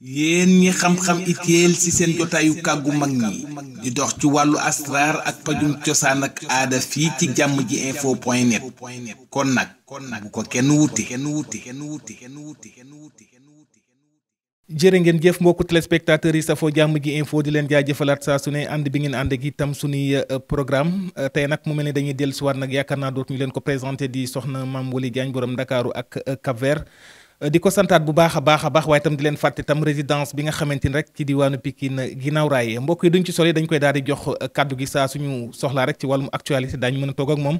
yéen ñi xam-xam itéel ci seen jotaayu kàggu mag ñi di dox ci wàllu astraar ak pajum cosaan ak aada fii ci jàmm ji info point net kon nag bu ko kenn wuti jërë ngeen jëf mbokku téléspectateurs yi safo jàmm ji info di leen jaajëfalaat saa su ne ànd bi ngeen ànd ak itam suñuy euh, programme tey nag mu mel ne dañuy dellusiwaat nag yaakaar naa dootuñu leen ko présenté di soxna Mame Waly Diagne borom Ndakaaru ak euh, Cap Vert di ko santaat bu baax a baax a baax waaye tam di leen fàtte tam résidence bi nga xamante ni rek ci diwaanu Pikine ginnaaw raay mbokk yi duñ ci sole dañ koy daal di jox kàddu gi saa suñu soxlaa rek ci wàllum actualité daañu mën a toog ak moom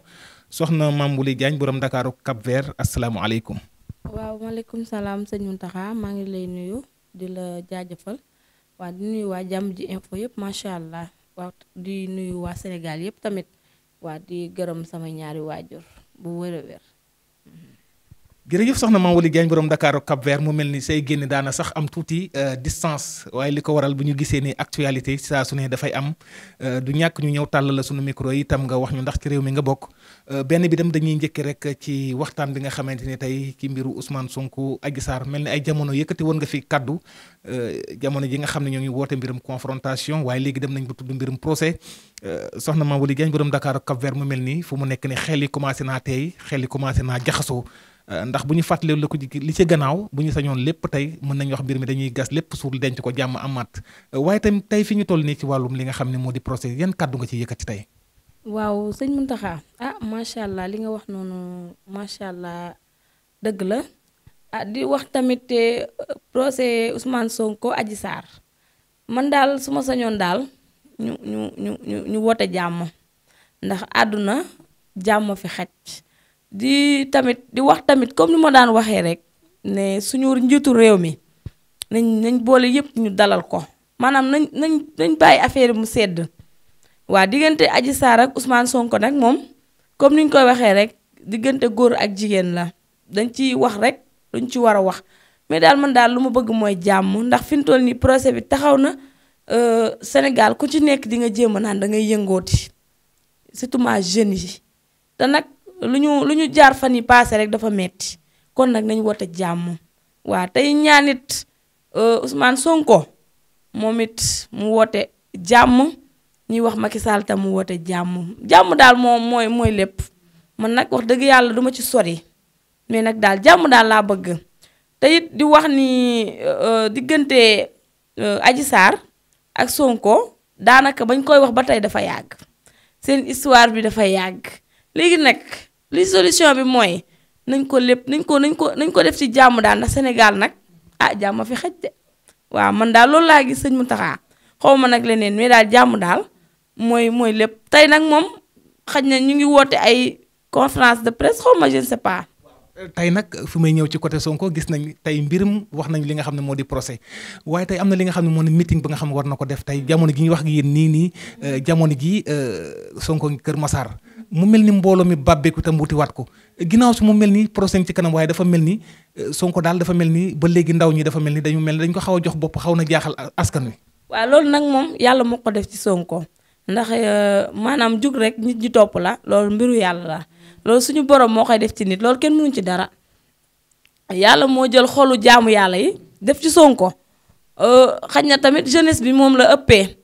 soxna Mame Bouleye Diagne borom Dakaaru Cap Vert asalaamaaleykum. waaw maaleykum salaam sëñ Mountakha maa ngi lay nuyu di la jaajëfal waa di nuyu waa jàmm ji info yëpp macha allah waa di nuyu waa Sénégal yëpp tamit waa di gërëm sama ñaari waajur bu wér jërëjëf soxna Mame Waly Diagne borom Dakar ak Vert mu mel ni say génn daana sax am tuuti euh, distance waaye li ko waral bu ñu gisee ni actualité saa su ne dafay am euh, du ñàkk ñu ñëw tàll sunu micro itam nga wax ñu ndax réew mi nga bokk euh, benn bi dañuy njëkk rek ci waxtaan bi nga xamante ni tey ci mbiru Ousmane Sonko Adji mel ni ay jamono yëkkati woon nga fi kaddu jamono ji nga xam ne ñoo ngi woote mbirum confrontation waaye léegi dem nañ ba tudd mbirum procès soxna Mame Waly Diagne borom Dakar mu mel nii fu mu nekk ni xel yi commencé naa tey xel yi commencé naa jaxasoo Euh, ndax bu ñu fàttalee la ko li ci gannaaw bu ñu sañoon lépp tey mën nañu wax mbir mi dañuy gas lépp suul denc ko jàmm amaat euh, waaye tamit tey fi ñu toll nii ci wàllum li nga xam ne moo di procès yan kàddu nga ci yëkkati tey. waaw sëñ Mountakha ah macha allah li nga wax noonu macha allah dëgg la ah di wax tamit eh, procès Ousmane Sonko Adji Sarr man daal su ma sañoon daal ñu ñu ñu ñu woote jàmm ndax àdduna jàmm fi xaj. di tamit di wax tamit comme ni ma daan waxee rek ne suñu njiitu réew mi nañ nañ boole yëpp ñu dalal ko maanaam nañ nañ nañ bàyyi affaire mu sedd waa diggante Adji Sarr ak Ousmane Sonko nag moom comme ni koy waxee rek diggante góor ak jigéen la dañ ci wax rek luñ ci war a wax mais daal man daal lu ma bëgg mooy jàmm ndax fi mu toll nii procès bi taxaw na euh, Sénégal ku ci nekk di nga jéem a naan da ngay yëngooti surtout ma jeunes yi te nag lu ñu lu ñu jaar fan yi passé rek dafa metti kon nag nañ woote jàmm waa tey ñaan it euh, Ousmane Sonko moom it mu woote jàmm ñuy wax Macky Sall tam mu woote jàmm jàmm daal moom mooy mooy lépp man nag wax dëgg yàlla duma ci sori mais nag daal jàmm daal laa bëgg te it di wax ni euh, diggante euh, Adji Sarr ak Sonko daanaka bañ koy wax ba tey dafa yàgg seen histoire bi dafa yàgg léegi nag li solution bi mooy nañ ko lépp nañ ko nañ ko nañ ko def ci jàmm daal ndax Sénégal nag ah jàmm fi xaj de waaw man daal loolu laa gis mu taxaa xaw ma nag leneen mais daal jàmm daal mooy mooy lépp tey nag moom xaj na ñu ngi woote ay conférence de presse xaw ma je ne sais tey nag fi may ñëw ci côté Sonko gis nañ tey mbirum wax nañ li nga xam ne moo di procès waaye tey am na li nga xam ne moo di meeting ba nga xam ne war na ko def tey jamono gi ñu wax ak nii nii eh, jamono jii eh, Sonko ngi Kër Massar mu mel ni mbooloo mi bàbbeeku tam wutiwaat ko ginnaaw si mu mel ni procès ci kanam waaye dafa mel ni eh, Sonko daal dafa mel ni ba léegi ndaw ñi dafa mel ni dañu mel ni dañ ko xaw a jox bopp xaw na jaaxal askan wi. waaw loolu nag moom yàlla moo ko def ci Sonko ndax eh, maanaam jug rek nit ñi topp la loolu mbiru yàlla la loolu suñu borom moo koy def ci nit loolu kenn mënu ci dara moo jël xolu jaamu yàlla yi def ci Sonko eh, xaj na tamit jeunesse bi moom la ëppee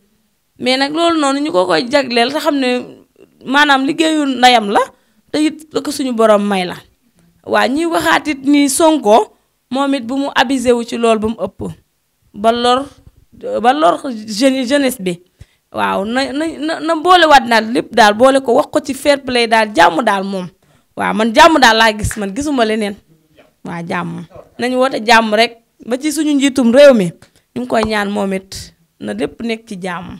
mais nag loolu noonu ñu ko koy jagleel te xam ne maanaam liggéeyu ndeyam la te it ko suñu borom may la waa ñuy waxaat it ni Sonko moom it bu mu abusé wu ci lool ba mu ëpp ba lor ba lor jeunesse bi waaw na na na boolewaat daal lépp daal boole ko wax ko ci fair play daal jàmm daal moom waaw man jàmm daal laa gis man gisuma leneen waa jàmm nañu woote jàmm rek ba ci suñu njiitum réew mi ñu ngi koy ñaan moom it na lépp nekk ci jàmm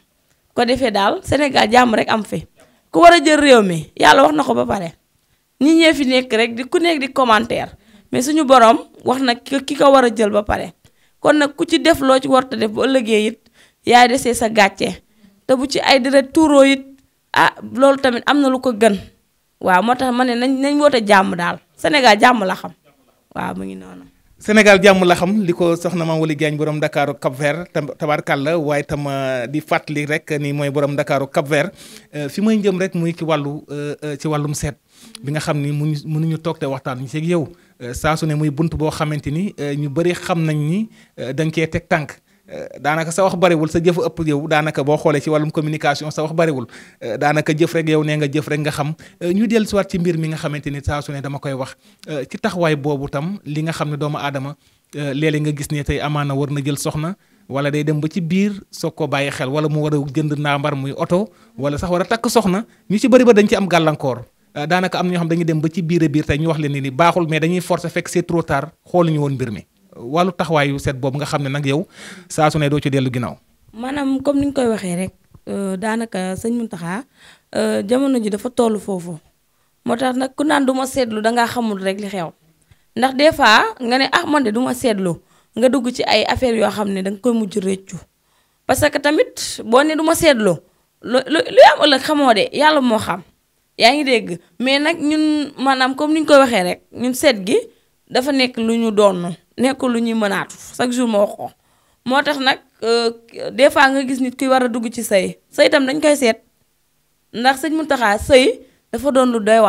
ko defee daal Sénégal jàmm rek am fi ku war a jël réew mi yàlla wax na ko ba pare ñi ñee fi nekk rek di ku nekk di commentaire mais suñu borom wax na ki ko war a jël ba pare kon nag ku ci def loo ci warta def bu ëllëgee it yaay desee sa gàcce te bu ci ay deret touro it ah loolu tamit am na lu ko gën waaw moo tax ma ne nañ nañ woote jàmm daal Sénégal jàmm la xam waaw mu ngi noonu Sénégal jàmm la xam li ko soxna ma Waly Diagne borom ndakaaru Cap Vert tabarkàlla waaye tam euh, di fàttali rek ni mooy borom ndakaaru Cap Vert euh, fi may jëm rek muy ci wàllu euh, ci wàllum seet bi nga xam ni mënuñu mënuñu toog te waxtaan ñu seeg yow saa su ne muy bunt boo xamante ni ñu bëri xam nañ ni dañ kee teg tànk. Eh, daanaka sa wax barewul sa jëf ëpp yow daanaka boo xoolee ci wàllum communication sa wax bariwul eh, daanaka jëf rek yow nee nga jëf rek nga xam eh, ñu dellu siwaat ci mbir mi nga xamante ni saa sunee dama koy wax ci taxawaay boobu tam li nga xam ne doomu aadama léeg nga gis ne tey amaana war na jël soxna wala day dem ba ci biir soo ko bàyyi xel wala mu war a jënd ndaambar muy oto wala sax war a takk soxna ñu ci bëri ba dañ ci am gàllankoor daanaka am na ñoo xam dañuy ci biir a biir tey ñu wax ni baaxul mais dañuy forcer fekk c'est trop tard xooluñu mi wàllu taxawaayu set boobu nga xam ne nag yow saa su ne doo ci dellu ginnaaw. maanaam comme ni ñu koy waxee rek euh, daanaka sëñ Mountakha euh, jamono ji dafa toll foofu moo tax nag ku naan du seetlu da ngaa xamul rek li xew ndax des fois nga ne ah man de du ma nga dugg ci ay affaires yoo xam ne da nga koy mujj rëccu parce que tamit boo ne du ma seetlu lu yàlla moo xam. yaa ngi dégg mais nag ñun maanaam comme ni ñu koy waxee rek ñun seet gi dafa nekk lu ñu doon nekkul lu ñuy mënaatu chaque jour ma wax ko moo tax nag euh, des fois nga gis nit ki war a dugg ci sëy sëy tam dañ koy seet ndax sëñ Mountakha sëy dafa doon lu doy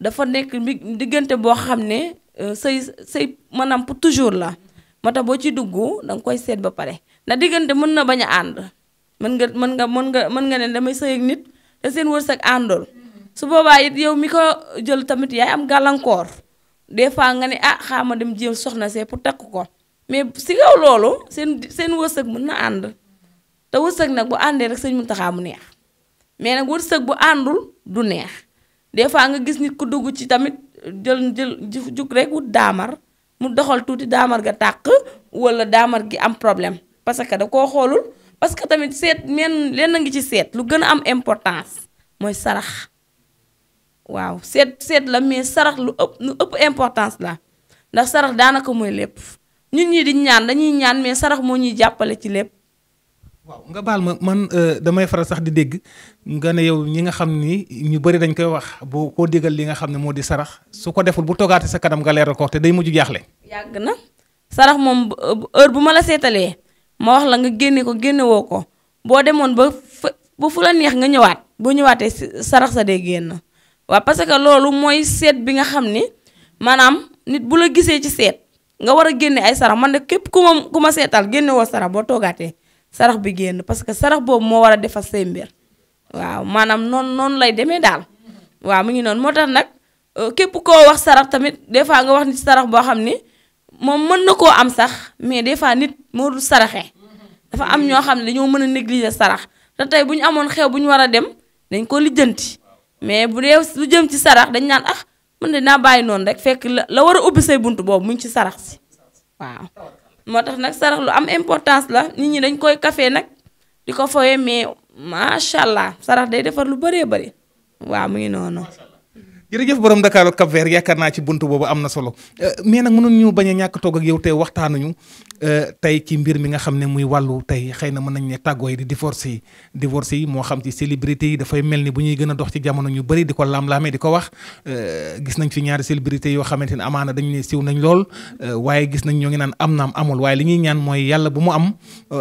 dafa nekk diggante boo xam ne euh, sëy sëy maanaam pour toujours la moo boo ci dugg da koy seet ba pare ndax diggante mën na bañ a ànd mën nga mën nga mën nga mën nga ne damay sëy ak nit te seen wërsëg àndool su boobaa it yow mi ko jël tamit yaay am gàllankoor des fois nga ne ah xaama dem jël soxna see pour takk ko mais si kaw loolu seen seen wërsëg mën na ànd te wërsëg nag bu àndee rek sëñ Muntaxa mu neex mais nag wërsëg bu àndul du neex des fois nga gis nit ku dugg ci tamit jël jël jug rek wut daamar mu doxal tuuti daamar ga tàq wala daamar gi am problème parce que da koo xoolul parce que tamit seet men lenn ngi ci seet lu gën a am importance mooy sarax waaw seet seet la mais sarax lu ëpp lu ëpp importance la ndax sarax daanaka mooy lépp ñun ñii di ñaan dañuy ñaan mais sarax moo ñuy jàppale ci lépp. waaw nga baal ma man euh, damay faral sax di dégg nga ne yow ñi nga xam ni ñu bëri dañ koy wax boo koo déggal li nga xam ne moo di sarax su ko deful bu toggaate sa kanam nga leeral ko te day mujj jaaxle. yàgg na sarax moom heure bu ma la seetalee ma wax la nga génne ko génnewoo ko boo demoon ba ba fu la neex nga ñëwaat boo ñëwaatee sarax sa dee génn. waa parce que loolu mooy seet bi nga xam ni maanaam nit bu la gisee ci seet nga war a génne ay sarax man de képp ku ma ku ma seetal génnewoo woo sarax boo toogaatee sarax bi génn parce que sarax boobu moo war a defar say mbir waaw maanaam noonu noonu lay demee daal waaw mu ngi noonu moo tax nag euh, képp koo wax sarax tamit des fois nga wax nit sarax boo xam ni moom mën na koo am sax mais des fois nit moo dul saraxee dafa am ñoo xam ne dañoo mën a négliger sarax te tey bu ñu amoon xew bu ñu war a dem dañ koo lijjanti mais bu dee lu jëm ci sarax dañ naan ah man de naa bàyyi noonu rek fekk la war a ubbi say bunt boobu mu ngi ci sarax si waaw. moo tax nag sarax lu am importance la nit ñi dañ koy kafe nag di ko foyee mais macha allah sarax day defar lu bëree bëri waaw mu ngi noonu. jërëjëf borom Dakar ak Cap Vert yaakaar naa ci bunt boobu am na solo euh, mais nag mënoon ñu bañ a ñàkk toog ak yow tey waxtaanuñu euh, tey ci mbir mi nga xam ne muy wàllu tey xëy na mën nañ ne tàggoo yi di divorce yi divorce yi moo xam ci célébrité yi dafay mel ni bu ñuy gën a dox ci jamono ñu bëri di ko laam-laamee di ko wax euh, gis nañ fi ñaari célébrité yoo xamante ne amaana dañ ne siw nañ lool waaye gis nañ ñoo ngi naan am naam amul waaye li ñuy ñaan mooy yàlla bu mu am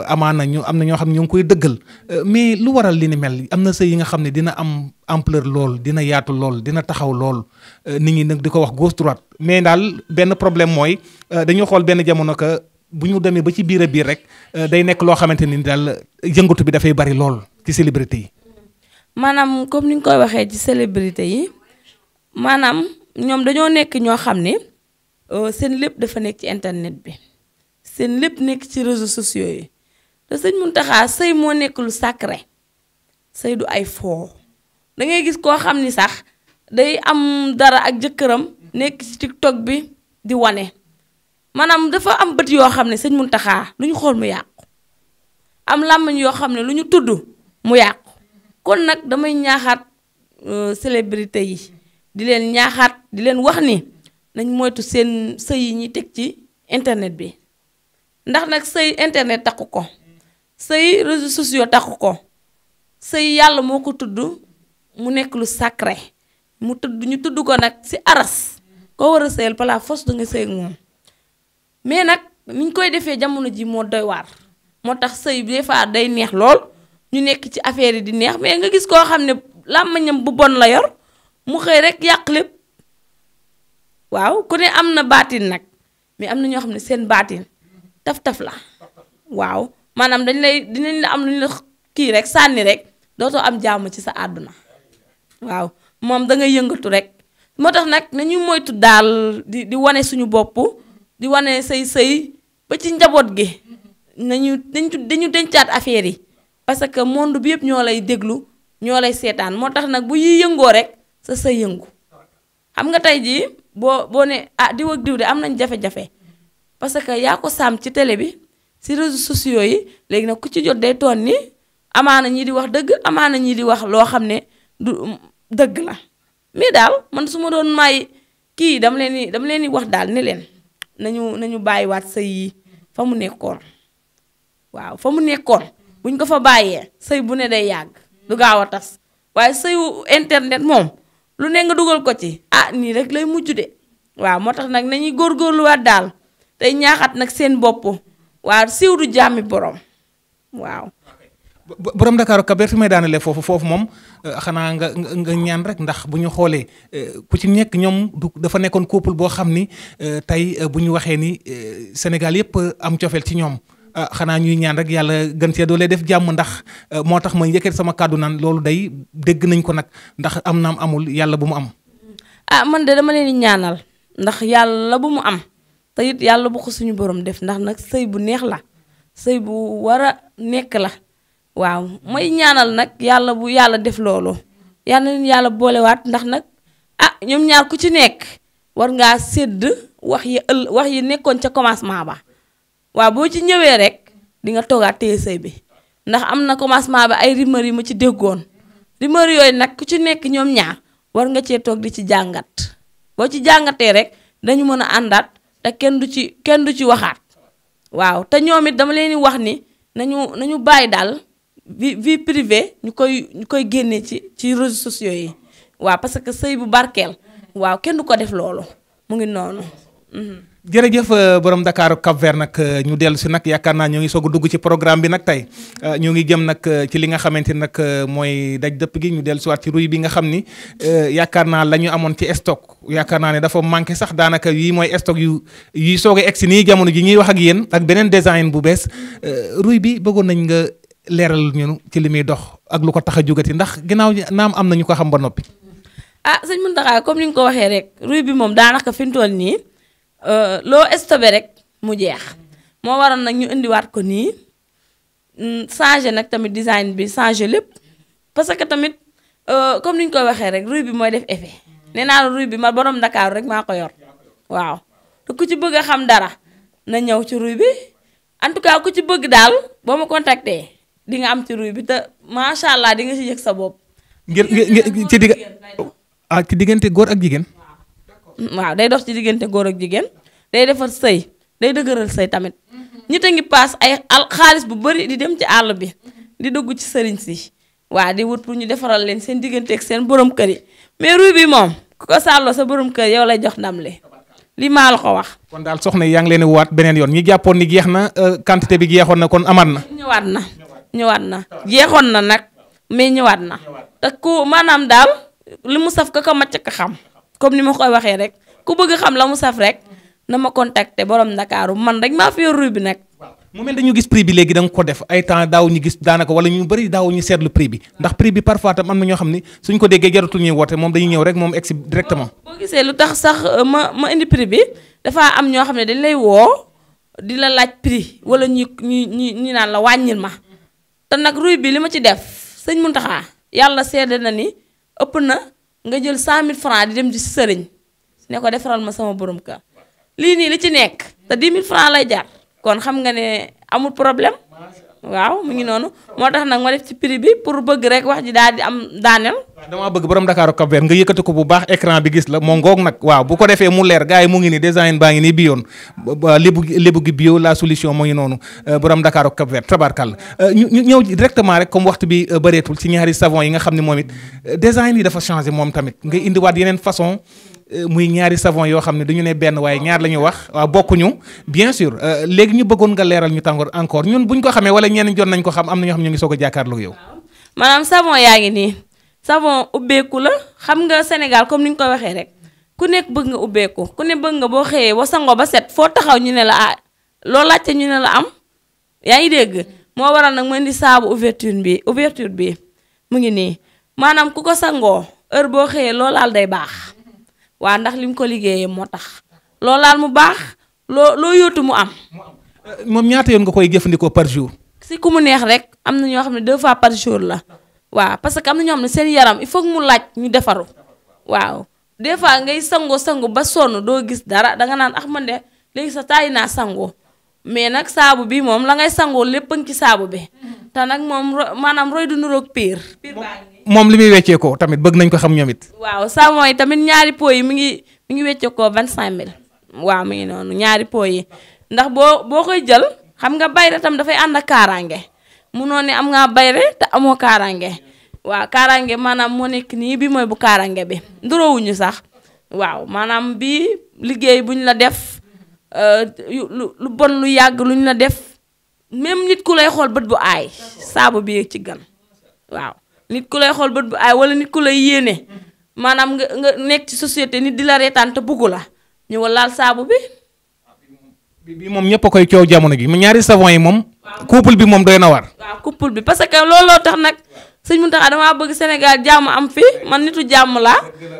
amaana ñu am na ñoo xam ne ñoo ngi koy dëggal mais lu waral li ni mel am na sëy yi nga xam ne dina am ampleur lool dina yaatu lool dina taxaw lool euh, nit ñi nag di ko wax gauche droite mais daal benn problème mooy euh, dañoo xool benn jamono ko bu ñu demee ba ci biir a biir rek euh, day nekk loo xamante ni daal yëngatu bi dafay bari lool ci célébrité yi. maanaam comme ni nga koy waxee ci célébrité yi maanaam ñoom dañoo nekk ñoo xam ne seen lépp dafa nekk ci internet bi seen lépp nekk ci réseau sociaux yi te sëñ Mountakha sëy moo nekk lu sacré sëy du ay foo da ngay gis koo xam ni sax day am dara ak jëkkëram nekk ci tig tiktok bi di wane maanaam dafa am bët yoo xam ne sëñ taxaar lu ñu xool mu yàqu am làmmiñ yoo xam ne lu ñu tudd mu yàqu kon nag damay ñaaxaat euh, célébrité yi di leen ñaaxaat di leen wax ni nañ moytu seen sëy yi ñu teg ci internet bi ndax nag sëy internet takku ko sëy réseaux sociaux takku ko sëy yàlla moo ko tudd mu nekk lu sacré mu tudd ñu tudd ko nag si aras koo war a sëyal par la force nga sëy moom mais nag niñ koy defee jamono ji moo doy waar moo tax sëy des fois day neex lool ñu nekk ci affaire yi di neex mais nga gis koo xam ne làmmiñam bu bon la yor mu xëy rek yàq lépp waaw ku ne am na baatin nag mais am na ñoo xam ne seen baatin taf-taf la waaw maanaam dañ lay dinañ la am lu ñu la kii rek sànni rek dootoo am jàmm ci sa àdduna waaw moom da ngay yëngatu rek moo tax nag nañu moytu daal di di wane suñu bopp di wane say sëy ba ci njaboot gi nañu dañu dañu dencaat affaire yi parce que monde bi yëpp ñoo lay déglu ñoo lay seetaan moo tax nag bu yiy yëngoo rek sa sëy yëngu xam nga tey jii boo boo ne ah diw ak diw de am nañ jafe-jafe parce que yaa ko saam ci télé bi si réseaux sociaux yi léegi nag ku ci jot day ton ni amaana ñii di wax dëgg amaana ñi di wax loo xam ne dëgg la mais daal man su ma doon may kii dama leen di dama leen di wax daal ni leen nañu nañu bàyyiwaat sëy yi fa mu nekkoon waaw fa mu nekkoon buñ ko fa bàyyee sëy bu ne day yàgg du gaaw a tas waaye sëyu internet moom lu ne nga dugal ko ci ah nii rek lay mujj de waaw moo tax nag nañuy góor góorluwaat daal tey ñaaxat nag seen bopp waa siiw du jàmmi borom waaw. borom ndakaaru kaber fi may daanalee foofu foofu moom euh, xanaa nga nga ñaan rek ndax bu ñu xoolee euh, ku ci nekk ñoom du dafa nekkoon couple boo xam ni euh, tey bu ñu waxee ni Sénégal yëpp am cofeel ci ñoom xanaa ñuy ñaan rek yàlla gën see doole def jàmm ndax moo tax ma yëkkati sama kàddu naan loolu day dégg nañ ko nag ndax am naam amul yàlla bu mu am. ah man de dama leen ñaanal ndax yàlla bu mu am te it yàlla bu ko suñu borom def ndax nag sëy bu neex la sëy bu war nekk la. waaw may ñaanal nag yàlla bu yàlla def loolu yàlla leen yàlla boolewaat ndax nag ah ñoom ñaar ku ci nekk war ngaa sédd wax yi ëll wax yi nekkoon ca commencement ba waaw boo ci ñëwee rek di nga toogaat téye sëy bi ndax am na commencement ba ay rumeur yi ma ci déggoon rumeur yooyu nag ku ci nekk ñoom ñaar war nga cee toog di ci jàngat boo ci jàngatee rek dañu mën a àndaat te kenn du ci kenn du ci waxaat waaw te ñoom it dama leen wax ni nañu nañu bàyyi daal. vie vie privée ñu koy ñu koy génnee ci ci réseaux sociaux yi waa parce que sëy bu barkeel waaw kenn du ko def loolu mu ngi noonu. Mhm. jërëjëf euh, borom ndakaaru Cap Vert nag euh, ñu dellu si nag yaakaar naa ñoo ngi soog a dugg ci programme bi nag tey euh, ñoo ngi jëm nag ci li nga xamante ni nag mooy daj dëpp gi ñu dellu si waat ci ruy bi nga xam ni yaakaar naa la ñu amoon ci stock yaakaar naa ne dafa manqué sax daanaka yii mooy stock yu yi soog a si nii jamono ji ñuy wax ak yéen ak beneen bu bees ruy bi bëggoon nañ nga leeral ñu ci li muy dox ak lu ko tax a jógati ndax ginnaaw naam am na ñu ko xam ba noppi. ah sëñ Mountakha comme ni nga ko waxee rek ruy bi moom daanaka fi mu toll nii euh, loo stoppé rek mu jeex moo waroon nag ñu indiwaat ko nii mm, changer nag tamit design bi changer lépp parce que tamit euh, comme ni ñu ko waxee rek ruy bi mooy def effet nee naa la ruy bi ma borom Dakar rek maa ko yor waaw te ku ci bëgg a xam dara na ñëw ci ruy bi en tout cas ku ci bëgg daal boo ma contacter. di nga am ci ruy bi te macha allah di nga si yëg sa bopp. ngir ci digg ah, ci diggante góor ak jigéen. waaw day dox ci diggante góor ak jigéen day defar sëy day dëgëral sëy tamit ñitt a ngi paas ay al xaalis bu bari di dem ci àll bi di dugg ci sëriñ si waa di wut pour ñu defaral leen seen diggante ak seen borom kër yi mais ruy bi moom ku ko sàlloo sa borom kër yow lay jox ndam li li maa la ko wax. kon daal soxna yi yaa ngi leen di waat beneen yoon ñi jàppoon ni jeex na euh, quantité bi jeexoon na kon amaat na. ñëwaat na. ñëwaat na jeexoon na nag mais ñëwaat na te ku maanaam daal li mu saf ka ko ma ka xam comme ni ma koy waxee rek ku bëgg xam la mu saf rek na ma contacter borom ndakaaru man rek maa fi yor bi nag. moom mel dañu gis prix bi léegi da nga ko def ay temps daaw ñu gis daanaka wala ñu bëri daaw ñu prix bi ndax prix bi parfois tam am na ñoo xam ne suñ ko déggee jaratul ñuy woote moom dañuy ñëw rek moom egsi directement. boo gisee lu tax sax euh, ma ma indi prix bi dafaa am ñoo xam ne dañ lay woo di la laaj prix wala ñuy ñuy ñuy naan la wàññil ma. te nag ruy bi li ma ci def sëñ Muntaxa yàlla seede na ni ëpp na nga jël cent 100000 francs di dem ci sëriñ ne ko defaral ma sama borom ka lii nii li ci nekk te 10 000 francs lay jar kon xam nga ne amul problème. waaw mu ngi noonu moo tax nag ma def ci prix bi pour bëgg rek wax ji daal di am daaneel. waaw damaa bëgg borom ndakaaru ak Cap nga yëkkati ko bu baax écran bi gis la moo ngoog nag waaw bu ko defee mu leer gars yi mu ngi nii design baa ngi nii bi yoon lébu lébu gi bio la solution moo ngi noonu euh, borom Dakar ak Cap Vert tabarkàlla euh, ñu ñu ñëw directement rek comme waxtu bi euh, bëreetul ci ñaari savon yi nga xam ne moom it design yi dafa changé moom tamit nga indiwaat yeneen façon. Euh, muy ñaari savon yoo xam ne dañu ne benn waaye ñaar la ñu wax waaw bokkuñu bien sûr euh, léegi ñu bëggoon nga leeral ñu tàngoor encore ñun buñ ko xamee wala ñeen jot nañ ko xam am na ñoo xam ñu maanaam savon yaa ngi nii savon ubbeeku la xam nga Sénégal comme ni ñu ko waxee rek ku nekk bëgg nga ubbeeku ku ne bëgg nga boo xëyee wa sangoo ba set foo taxaw ñu ne la ah loo laajte ñu ne la am yaa ngi dégg moo waral nag mu ni saabu ouverture bi ouverture bi mu ngi nii maanaam ku ko sangoo heure boo xëyee loolaal day baax waa ndax li mu ko liggéeyee moo tax loolu daal mu baax loo loo yóotu mu am. moom ñaata yoon nga koy jëfandikoo par jour. si ku mu neex rek am na ñoo xam ne deux fois par jour la waa parce que am na ñoo xam ne seen yaram il faut mu laaj ñu defaru waaw des fois ngay sangoo sangu ba sonn doo gis dara danga naan ax ah, man de léegi sa taay naa sangoo mais nag saabu bi moom la ngay sangoo lépp a ngi ci saabu bi te nag moom maanaam roy du nuroog piir piir baa moom li muy weccee ko tamit bëgg nañ ko xam ñoom waaw savon yi tamit ñaari pot yi mu ngi mi ngi weccee ko vingt cinq mille waaw mi ngi noonu ñaari pot yi ndax boo boo koy jël xam nga bayre tamit dafay ànd ak kaaraange munoo ne am ngaa bayre te amoo kaaraange waaw kaaraange maanaam moo nekk nii bi mooy bu kaaraange bi nduroowuñu sax waaw maanaam bii liggéey buñ la def euh, lu bon lu yàgg luñ la def même nit ku lay xool bët bu aay saabu bi ci gan nit ku lay xool ba bu aay wala nit ku lay yéene maanaam nga nga nekk ci société nit di la reetaan te bugg la ñu laal saabu bi. bi moom ñëpp a koy coow jamono gi ñaari savon yi moom. couple bi moom doy na war. waaw couple bi parce looloo tax nag. sëñ Mountakha damaa bëgg Sénégal jàmm am fi man nitu jàmm laa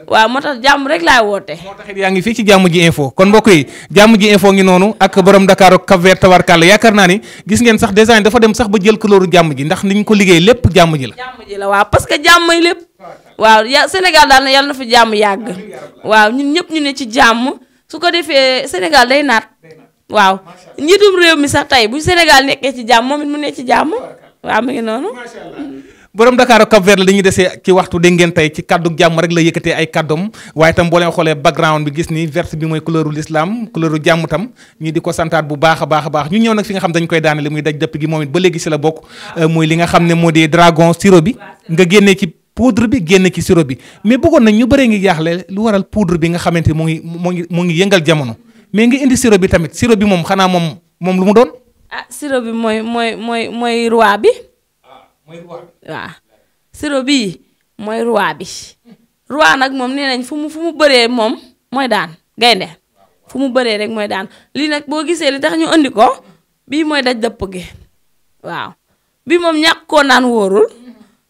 waaw moo tax jàmm rek laay woote. yaa ngi fii ci jàmm ji info kon mbokk yi jàmm ji info ngi noonu ak borom Dakar ak Cap Vert tawarkàlla yaakaar naa ni gis ngeen sax design dafa dem sax ba jël couleur jàmm ji ndax niñ ko liggéey lépp jàmm ji la. jàmm ji la waaw parce jàmm lépp waaw ya Sénégal daal na yàlla na fa jàmm yàgg waaw ñu ñëpp ñu ne ci jàmm su ko defee Sénégal day naat waaw njiitum réew mi sax tey bu Sénégal ci jàmm mu ne ci jàmm waaw mu ngi borom Dakar ak Cap Vert desee ci waxtu dégg ngeen tey ci kaddu jàmm rek la yëkkatee ay kaddom waaye itam boo leen xoolee background bi gis ni vert bi mooy couleuru l'islam couleuru jàmm tam ñu di ko santaat bu baax a baax a baax ñu ñëw nag fi nga xam dañ koy daane li muy daj dëpp gi moom it ba léegi si la bokk euh, muy li nga xam ne moo di dragon sirop bi nga génnee ci poudre bi génn ci sirop bi mais bëggoon nañ ñu bëree ngi jaaxle lu waral poudre bi nga xamante mu ngi mu ngi mu ngi yëngal jamono mais nga indi sirop bi tamit sirop bi moom xanaa moom moom lu mu doon ah sirop mooy mooy mooy mooy roi bi waaw sirop bii mooy roi bi roi nag moom nee nañ fu mu fu mu bëree moom mooy daan gaynde fu mu bëree rek mooy daan lii nag boo gisee li tax ñu andi ko bii mooy daj dëpp gi waaw bii moom ñàkk koo naan wóorul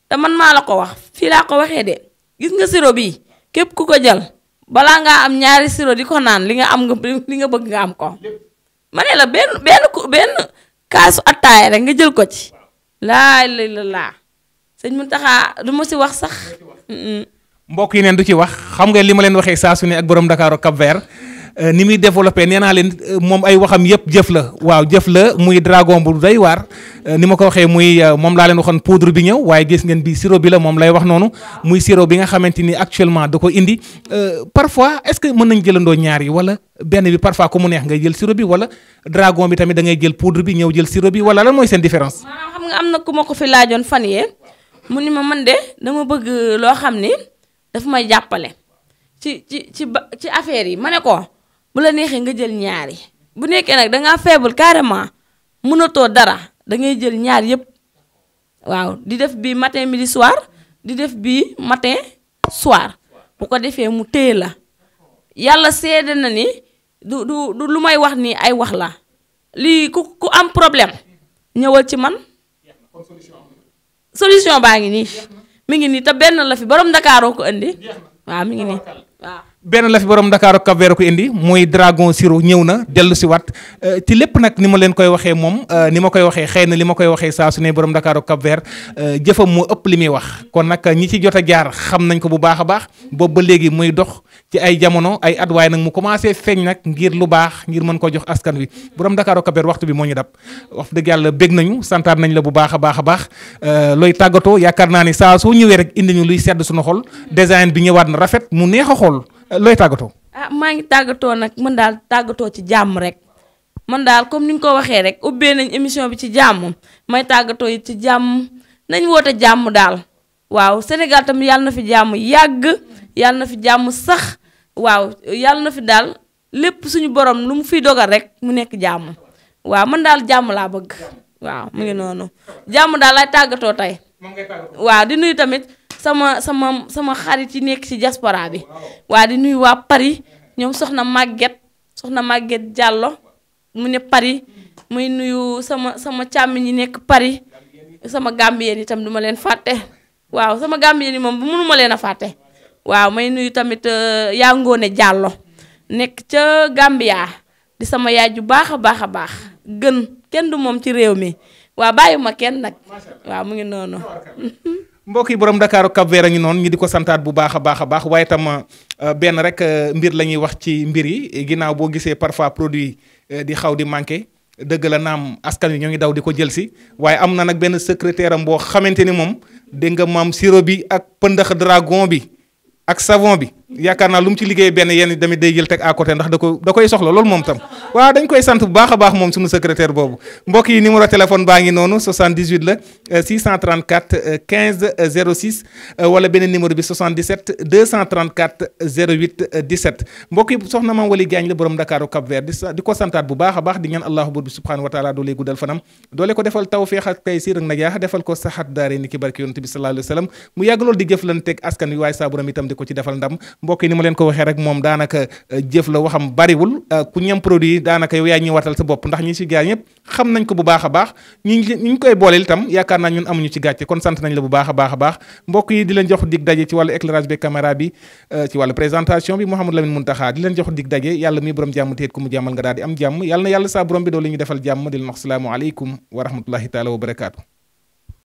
te man maa la ko wax fii laa ko waxee de gis nga sirop bii képp ku ko jël balaa ngaa am ñaari sirop di ko naan li nga am nga li nga bëgg nga am ko ma ne la benn benn benn kaasu attaaya rek nga jël ko ci laa la laa sëñ Mountakha du ma ci wax sax. mbokk yi neen du ci wax xam nga li ma leen waxee saa su ne ak borom Dakar ak Cap Euh, ni muy développé nee naa leen euh, moom ay waxam yëpp jëf la waaw jëf la muy dragon bu day waar euh, ni ma ko waxee muy moom laa leen waxoon poudre bi ñëw waaye gis ngeen bi sirop bi la moom lay wax noonu muy sirop bi nga xamante ni actuellement da ko indi parfois est-ce que mën nañ jëlandoo ñaar yi wala benn bi parfois ku mu neex ngay jël sirop bi wala dragon bi tamit dangay jël poudre bi ñëw jël sirop bi wala lan mooy seen différence. maanaam xam nga am na ku ma ko fi laajoon fan yee mu ni ma man de dama bëgg loo xam ni daf may jàppale ci ci ci ba ci affaire yi ma ne ko. bu la neexee nga jël ñaari bu nekkee nag dangaa faible carrément mënatoo dara da ngay jël ñaar yëpp waaw di def bii matin midi soir di def bii matin soir bu ko defee mu téye la yàlla seede na ni du du lu may wax nii ay wax la lii ku ku am problème ñëwal ci man solution baa ngi nii mu ngi nii te benn la fi borom Ndakaaroo ko indi waaw mi ngi nii waaw benn la fi borom Dakar ak ko indi muy Dragon Sirou ñëw na dellu si waat euh, ci lépp nag ni ma leen koy waxee moom euh, ni ma koy waxee xëy na li ma koy waxee saa su nee borom Dakar ak Cap euh, jëfam moo ëpp li muy wax. kon nag ñi ci jot a jaar xam nañ ko bu baax a baax boobu ba léegi muy dox ci ay jamono ay at nag mu commencé feeñ nag ngir lu baax ngir mën ko jox askan wi borom Dakar ak waxtu bi moo ñu dab. wax dëgg yàlla bég nañu santaat nañ la bu baax a baax a baax looy tàggatoo yaakaar naa ne saa soo ñëwee rek indi luy sedd suñu xol design bi ñëwaat rafet mu neex a xool looy tàggatoo. ah maa ngi tàggatoo nag mën daal tàggatoo ci jàmm rek man daal comme ni nga ko waxee rek ubbee nañ émission bi ci jàmm may tàggatoo yi ci jàmm nañ woote jàmm daal waaw Sénégal tamit yàlla na fi jàmm yàgg yàlla na fi jàmm sax waaw yàlla na fi daal lépp suñu borom lu mu fiy dogal rek mu nekk jàmm waaw man daal jàmm laa bëgg waaw mu ngi noonu jàmm daal lay tàggatoo tey waaw di nuyu tamit. sama sama sama xarit yi nekk ci diaspora bi waa di nuyu waa Paris ñoom soxna Maguette soxna màgget jàllo mu ne Paris muy nuyu sama sama càmmiñ yi nekk pari sama gambien itam du ma leen fàtte waaw sama gambien yi moom mënuma leen a fàtte waaw may nuyu tamit euh, yaa ngoone jàllo nekk ca Gambia di sama yaay ju baax a baax a baax gën kenn du moom ci réew mi waa bàyyi ma kenn nag waaw mu ngi noonu mbokk yi borom Dakaaru Cap Vert ngi noonu ñu di ko santaat bu baax a baax a baax waaye tam euh, benn rek euh, mbir la ñuy wax ci mbir yi ginnaaw boo gisee parfois produit euh, di xaw di manqué dëgg la naam askan wi ñoo ngi daw di ko jël si waaye am na nag benn secrétaire am xamante ni moom dégg nga maam sirop bi ak pëndax dragon bi ak savon bi. yaakaar naa lu mu ci liggéey benn yenn tamit day jël teg à côté ndax da ko soxla loolu moom tam waaw dañ koy sant bu baax a baax moom suñu secrétaire boobu mbokk baa ngi noonu 78 la 634 15 06 wala beneen numéro bi 77 234 08 17 mbokk soxna Mame Waly Diagne la borom Dakaaru Cap Vert di ko santaat bu baax a baax di ñaan allahu buur bi subhanahu wa taala doole guddal fanam doole ko defal tawfeex ak taysiir ak najaax defal ko saxat daare ni ki barke yonent bi sallallahu alayhi mu yàgg loolu di jëflanteeg askan wi waaye saa borom itam di ko defal ndam mbokk yi ni ma leen ko waxee rek moom daanaka euh, jëf la waxam bariwul euh, ku ñam produit yi daanaka yow yaa watal sa bopp ndax ñi ci gaar ñëpp xam nañ ko bu baax a baax ñi ñi koy booleel itam yaakaar naa ñun amuñu ci gàcce kon sant nañ la bu baax a baax a baax mbokk yi di leen jox dig daje ci wàllu éclairage bi caméra bi euh, ci wàllu présentation bi Mouhamadou Lamine Muntaxa di leen jox dig daje yàlla mi borom jàmm téet ku mu jàmmal nga daal di am jàmm na yàlla saa borom bi doo li ñu defal jàmm di leen wax salaamu aleykum wa